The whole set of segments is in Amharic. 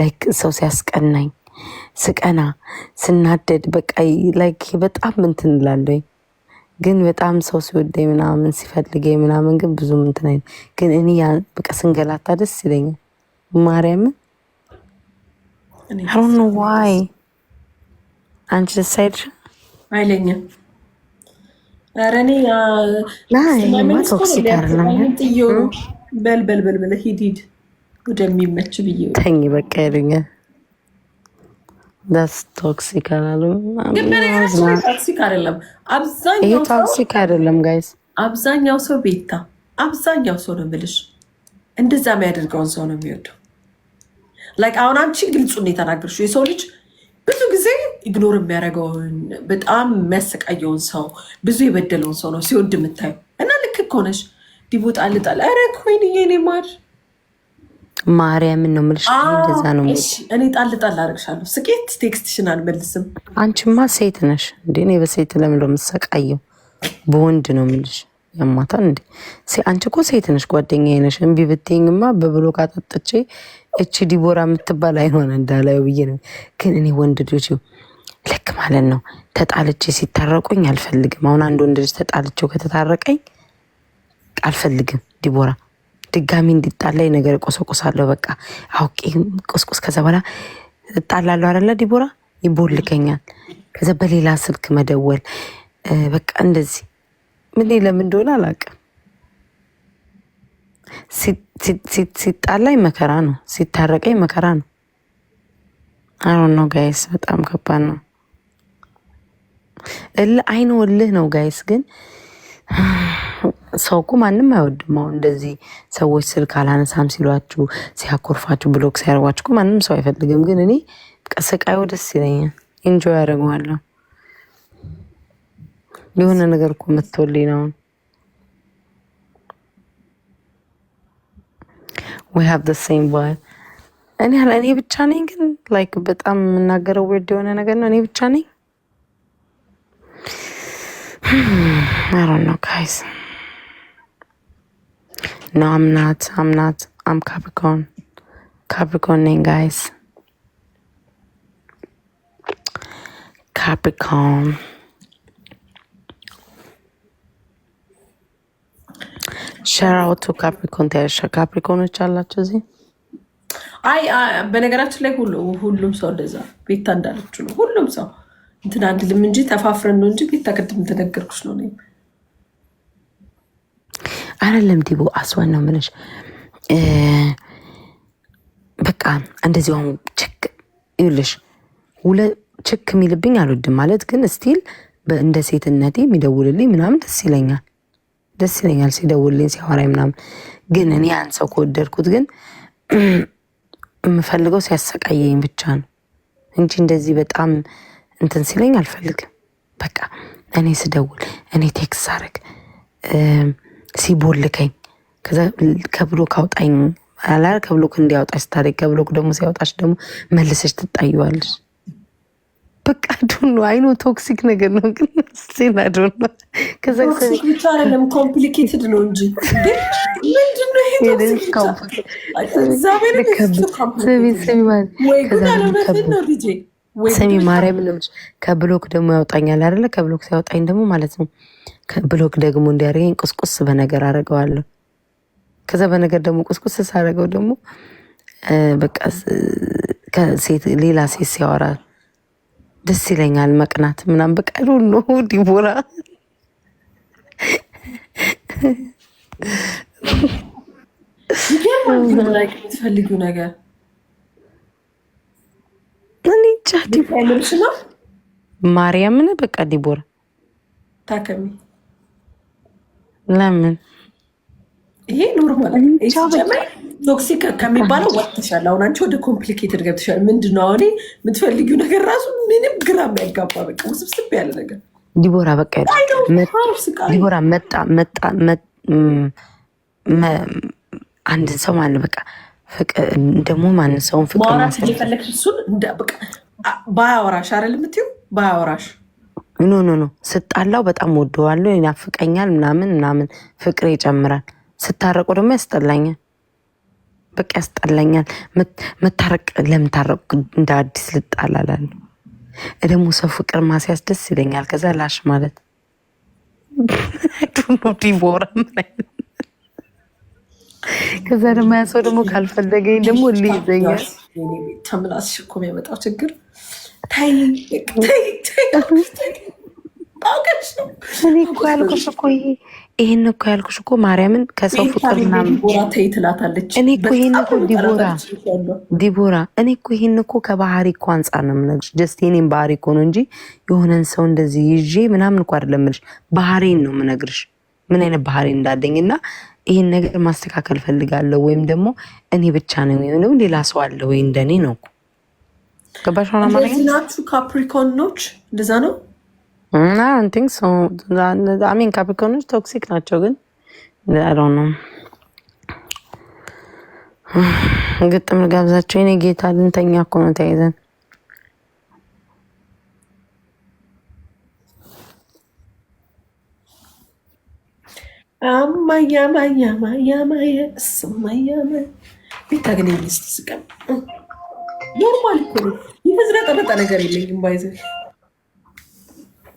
ላይክ ሰው ሲያስቀናኝ ስቀና ስናደድ በቃ ላይክ በጣም እንትን እላለሁኝ። ግን በጣም ሰው ሲወደኝ ምናምን ሲፈልገኝ ምናምን ግን ብዙም እንትን አይነት ግን እኔ በቃ ስንገላታ ደስ ይለኛል። ማርያምን አሮነ ዋይ አንቺ ደስ አይልሽ አይለኝም። ኧረ እኔ ቶክሲክ አለ በልበልበል ብለህ ሂድ ሂድ ወደሚመች ብዬ ተኝ በቃ ይሉኛል። ዳስ ቶክሲክ አላለም። ቶክሲክ አይደለም፣ አብዛኛው ቶክሲክ አይደለም ጋይስ። አብዛኛው ሰው ቤታ፣ አብዛኛው ሰው ነው ምልሽ እንደዛ የሚያደርገውን ሰው ነው የሚወደው። ላይክ አሁን አንቺ ግልጹ ነው የተናገርሽው የሰው ልጅ ብዙ ጊዜ ኢግኖር የሚያደርገውን በጣም የሚያሰቃየውን ሰው ብዙ የበደለውን ሰው ነው ሲወድ የምታዩ እና ልክ ከሆነሽ ዲቦጣ ልጣል ረ ኮይን የኔ ማር ማርያምን ነው የምልሽ። እንደዛ ነው እኔ ጣል ጣል አደርግሻለሁ። ስቄት ቴክስትሽን አልመልስም። አንቺማ ሴት ነሽ እንዴ? እኔ በሴት ለምን የምሰቃየው? በወንድ ነው የምልሽ። ያማታል እንዴ? አንቺ እኮ ሴት ነሽ፣ ጓደኛዬ ነሽ። እምቢ ብትይኝማ በብሎ ካጠጥቼ እቺ ዲቦራ የምትባል አይሆን እንዳላዩ ብዬ ነው። ግን እኔ ወንድ ልጅ ልክ ማለት ነው ተጣልቼ ሲታረቁኝ አልፈልግም። አሁን አንድ ወንድ ልጅ ተጣልቼው ከተታረቀኝ አልፈልግም ዲቦራ ድጋሚ እንዲጣላይ ነገር ቆሰቁሳለሁ። በቃ አውቄ ቁስቁስ። ከዛ በኋላ እጣላለሁ አለ ዲቦራ ይቦልከኛል። ከዛ በሌላ ስልክ መደወል በቃ እንደዚህ ምን ለምን እንደሆነ አላውቅም። ሲጣላይ መከራ ነው፣ ሲታረቀኝ መከራ ነው። አሁን ነው ጋይስ፣ በጣም ከባድ ነው። እልህ አይን ወልህ ነው ጋይስ ግን ሰው እኮ ማንም አይወድም። አሁን እንደዚህ ሰዎች ስልክ አላነሳም ሲሏችሁ፣ ሲያኮርፋችሁ፣ ብሎክ ሲያደርጓችሁ እኮ ማንም ሰው አይፈልግም። ግን እኔ ስቃዩ ደስ ይለኛል፣ ኢንጆይ ያደርገዋለሁ። የሆነ ነገር እኮ መጥቶልኝ ነው። ዊ ሃቭ ዘ ሴም ቫይብ። እኔ እኔ ብቻ ነኝ ግን ላይክ በጣም የምናገረው ወርድ የሆነ ነገር ነው። እኔ ብቻ ነኝ። አይ ዶንት ጋይስ No, I'm not. I'm not. I'm Capricorn. Capricorn name, guys. Capricorn. ካፕሪኮን ተያሻ ካፕሪኮኖች አላቸው እዚህ። አይ በነገራችን ላይ ሁሉም ሰው እንደዛ ቤታ እንዳለችው ነው። ሁሉም ሰው እንትን አንድ ልም እንጂ ተፋፍረን ነው እንጂ ቤታ ቅድም ተነገርኩሽ ነው። አይደለም ዲቦ አስዋን ነው ምንሽ በቃ እንደዚሁም ችክ ይልሽ ውለ ችክ የሚልብኝ አልወድም ማለት ግን ስቲል እንደ ሴትነቴ የሚደውልልኝ ምናምን ደስ ይለኛል ደስ ይለኛል ሲደውልልኝ ሲያወራኝ ምናምን ግን እኔ ያን ሰው ከወደድኩት ግን የምፈልገው ሲያሰቃየኝ ብቻ ነው እንጂ እንደዚህ በጣም እንትን ሲለኝ አልፈልግም። በቃ እኔ ስደውል እኔ ቴክስ ሳረግ ሲቦልከኝ ከዛ ከብሎክ አውጣኝ አላ ከብሎክ እንዲያወጣሽ ታዲያ ከብሎክ ደግሞ ሲያወጣሽ ደግሞ መልሰች ትጣየዋለሽ። በቃ ዶኖ አይኖ ቶክሲክ ነገር ነው፣ ግን ስቴና ዶኖ ቶክሲክ ብቻ አይደለም ኮምፕሊኬትድ ነው እንጂ ስሚ ማርያም ከብሎክ ደግሞ ያውጣኛል አይደለ? ከብሎክ ሲያወጣኝ ደግሞ ማለት ነው ብሎክ ደግሞ እንዲያደርገኝ ቁስቁስ በነገር አደርገዋለሁ። ከዛ በነገር ደግሞ ቁስቁስ ሳደርገው ደግሞ በቃ ከሴት ሌላ ሴት ሲያወራ ደስ ይለኛል። መቅናት ምናም በቃ ዶኖ ዲቦራ ትፈልጊ ነገር ማርያምን በቃ ዲቦራ ታከሚ ለምን ይሄ ኖርማል ጀመር ቶክሲክ ከሚባለው ወጥተሻል። አሁን አንቺ ወደ ኮምፕሊኬትድ ገብተሻል። ምንድን ነው አሁን የምትፈልጊው ነገር ራሱ ምንም ግራ የሚያጋባ በቃ ውስብስብ ያለ ነገር ዲቦራ በቃ ዲቦራ መጣ መጣ አንድ ሰው ማን በቃ ደግሞ ማን ሰውን ፍቅር ማውራት እየፈለግሽ እሱን ባያወራሽ አይደል የምትይው ባያወራሽ ኖ ኖ ኖ ስጣላው በጣም ወደዋለሁ፣ ይናፍቀኛል፣ ምናምን ምናምን ፍቅር ይጨምራል። ስታረቁ ደግሞ ያስጠላኛል፣ በቃ ያስጠላኛል። መታረቅ ለምታረቁ እንደ አዲስ ልጣላላለሁ። ደግሞ ሰው ፍቅር ማስያዝ ደስ ይለኛል። ከዛ ላሽ ማለት ዲቦራ ከዛ ደግሞ ያ ሰው ደግሞ ካልፈለገኝ ደግሞ ልይዘኛል። ተምላስ ሽኮም የመጣው ችግር ይህን እኮ ያልኩሽ እኮ ማርያምን ከሰው ፍቅር ምናምን ዲቦራ ዲቦራ እኔ እኮ እኮ ከባህሪ እኮ አንጻር ነው የምነግርሽ። ጀስት ባህሪ እኮ ነው እንጂ የሆነን ሰው እንደዚህ ይዤ ምናምን እኮ አይደለም የምልሽ። ባህሪን ነው የምነግርሽ ምን አይነት ባህሪ እንዳለኝ እና ይህን ነገር ማስተካከል ፈልጋለሁ ወይም ደግሞ እኔ ብቻ ነው ወይም ሌላ ሰው አለ ወይ እንደኔ ነው እኮ ገባሽ? ሆነ ማለት ናችሁ ካፕሪኮኖች እንደዛ ነው። ካፕሪኮኖች ቶክሲክ ናቸው፣ ግን ግጥም ልጋብዛቸው። የኔ ጌታ ልንተኛ እኮ ነው ተያይዘን ስቀም ኖርማል እኮ ነው። የተዝረጠረጠ ነገር የለኝም። ባይዘ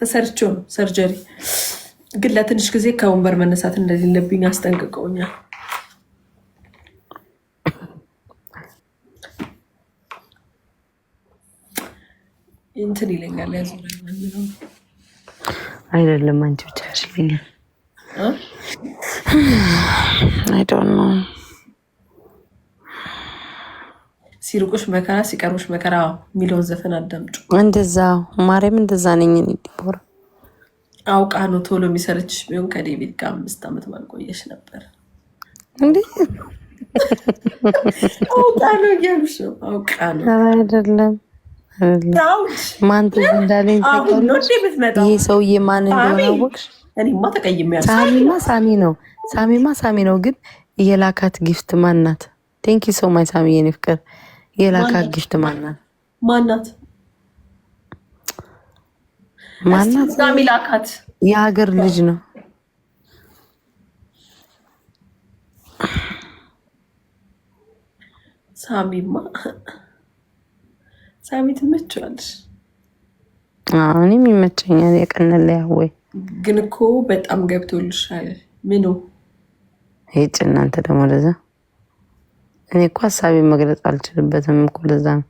ተሰርቼው ነው ሰርጀሪ። ግን ለትንሽ ጊዜ ከወንበር መነሳት እንደሌለብኝ አስጠንቅቀውኛል። እንትን ይለኛል ያዙ አይደለም አንቺ ብቻ ያሽልኛል አይ ዶንት ኖ ሲርቁሽ መከራ ሲቀርቡሽ መከራ የሚለውን ዘፈን አዳምጩ። እንደዛ ማርያም እንደዛ ነኝ ዲቦራ አውቃ ነው ቶሎ የሚሰለችሽ ቢሆን ከዴቪድ ጋር አምስት ዓመት ባልቆየሽ ነበር። እንዴ አውቃ ነው እያሉሽ ነው። አውቃ ነው አይደለም ማን እንዳለኝ ይሄ ሰውዬ ማን እንደሆነ ሳሚማ ሳሚ ነው፣ ሳሚማ ሳሚ ነው። ግን የላካት ጊፍት ማን ናት? ቴንኪ ሶ ማች ሳሚ የኔ ፍቅር ግሽት ማናት ማናት ማናት? ላካት የሀገር ልጅ ነው። ሳሚማ ሳሚ ትመችዋለሽ። እኔም ይመቸኛል። የቀነለ ያወይ ግን እኮ በጣም ገብቶልሻል። ምኑ ይጭ እናንተ ደግሞ ለዛ? እኔ እኮ ሀሳቤ መግለጽ አልችልበትም እኮ ለዛ ነው።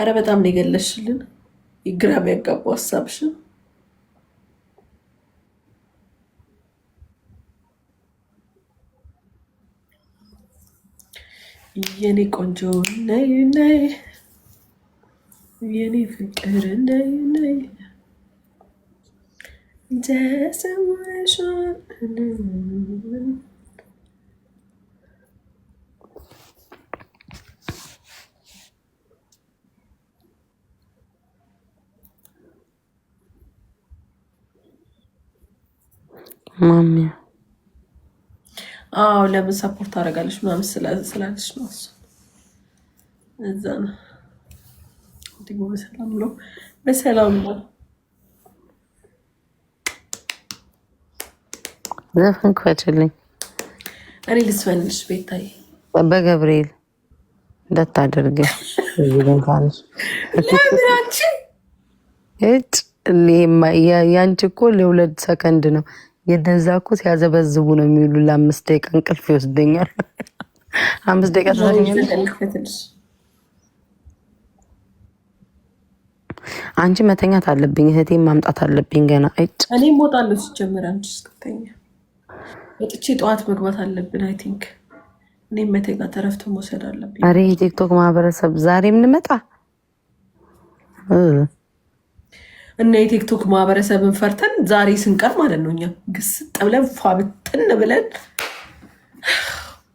አረ በጣም ሊገለሽልን የገለሽልን። ግራ ቢያጋባው ሀሳብሽን የኔ ቆንጆ ነይ ነይ የኔ ፍቅር ነይ ነይ ጀሰማሽን ማሚያ አዎ፣ ለምን ሰፖርት አደርጋለች ምናምን ስላለች ነው። እሱ እዛ ነው ደግሞ በሰላም ነው በሰላም ነው። ዘፈን ክፈችልኝ። እኔ ልስፈንሽ ቤታይ በገብርኤል እንዳታደርገ ዝንካንሽ እጭ ያንቺ እኮ ለሁለት ሰከንድ ነው የነዛ እኮ ሲያዘበዝቡ ነው የሚውሉ። ለአምስት ደቂቃ እንቅልፍ ይወስደኛል። አምስት ደቂቃ አንቺ መተኛት አለብኝ፣ እህቴን ማምጣት አለብኝ። ገና እኔ እወጣለሁ። ሲጀምር አንቺ እስክተኛ ወጥቼ ጠዋት መግባት አለብን። አይ ቲንክ እኔ መተኛት እረፍት መውሰድ አለብኝ። አሬ የቲክቶክ ማህበረሰብ ዛሬ ምንመጣ እና የቲክቶክ ማህበረሰብን ፈርተን ዛሬ ስንቀር ማለት ነው እኛ ግስጥ ብለን ፋብትን ብለን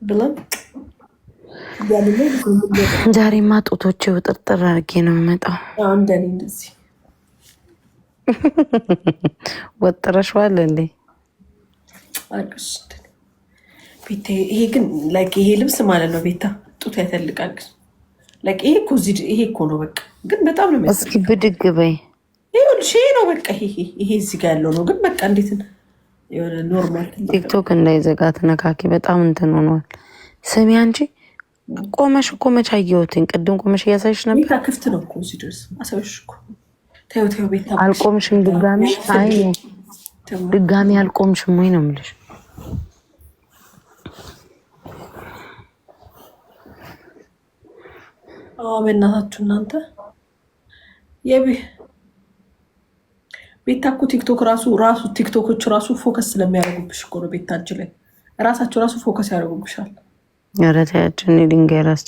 ብለን ዛሬማ ጡቶቼ ውጥርጥር አድርጌ ነው የምመጣው። እንደኔ እንደዚህ ወጥረሽዋል እንዴ? ይሄ ግን ላይክ ይሄ ልብስ ማለት ነው ቤታ ጡት ያተልቃል። ይሄ እኮ ይሄ እኮ ነው በቃ። ግን በጣም ነው እስኪ ብድግ በይ ይኸውልሽ ይሄ ነው በቃ ይሄ ይሄ እዚህ ጋር ያለው ነው። ግን በቃ እንዴት የሆነ ኖርማል ቲክቶክ እንዳይዘጋ በጣም እንትን ሆኗል። ስሚ አንቺ ቆመሽ እኮ መች አየሁትኝ? ቅድም ቆመሽ እያሳይሽ ነበር። ክፍት ነው እኮ እዚህ ድረስ እኮ ተይው ተይው። ቤት አልቆምሽም ድጋሚ። አይ ድጋሚ አልቆምሽም ወይ ነው የምልሽ። አዎ በእናታችሁ እናንተ ቤታ እኮ ቲክቶክ ራሱ ራሱ ቲክቶኮች ራሱ ፎከስ ስለሚያደርጉብሽ እኮ ነው። ቤታችን ላይ ራሳቸው ራሱ ፎከስ ያደርጉብሻል። ኧረ ተያቸው። ድንጋይ ራስ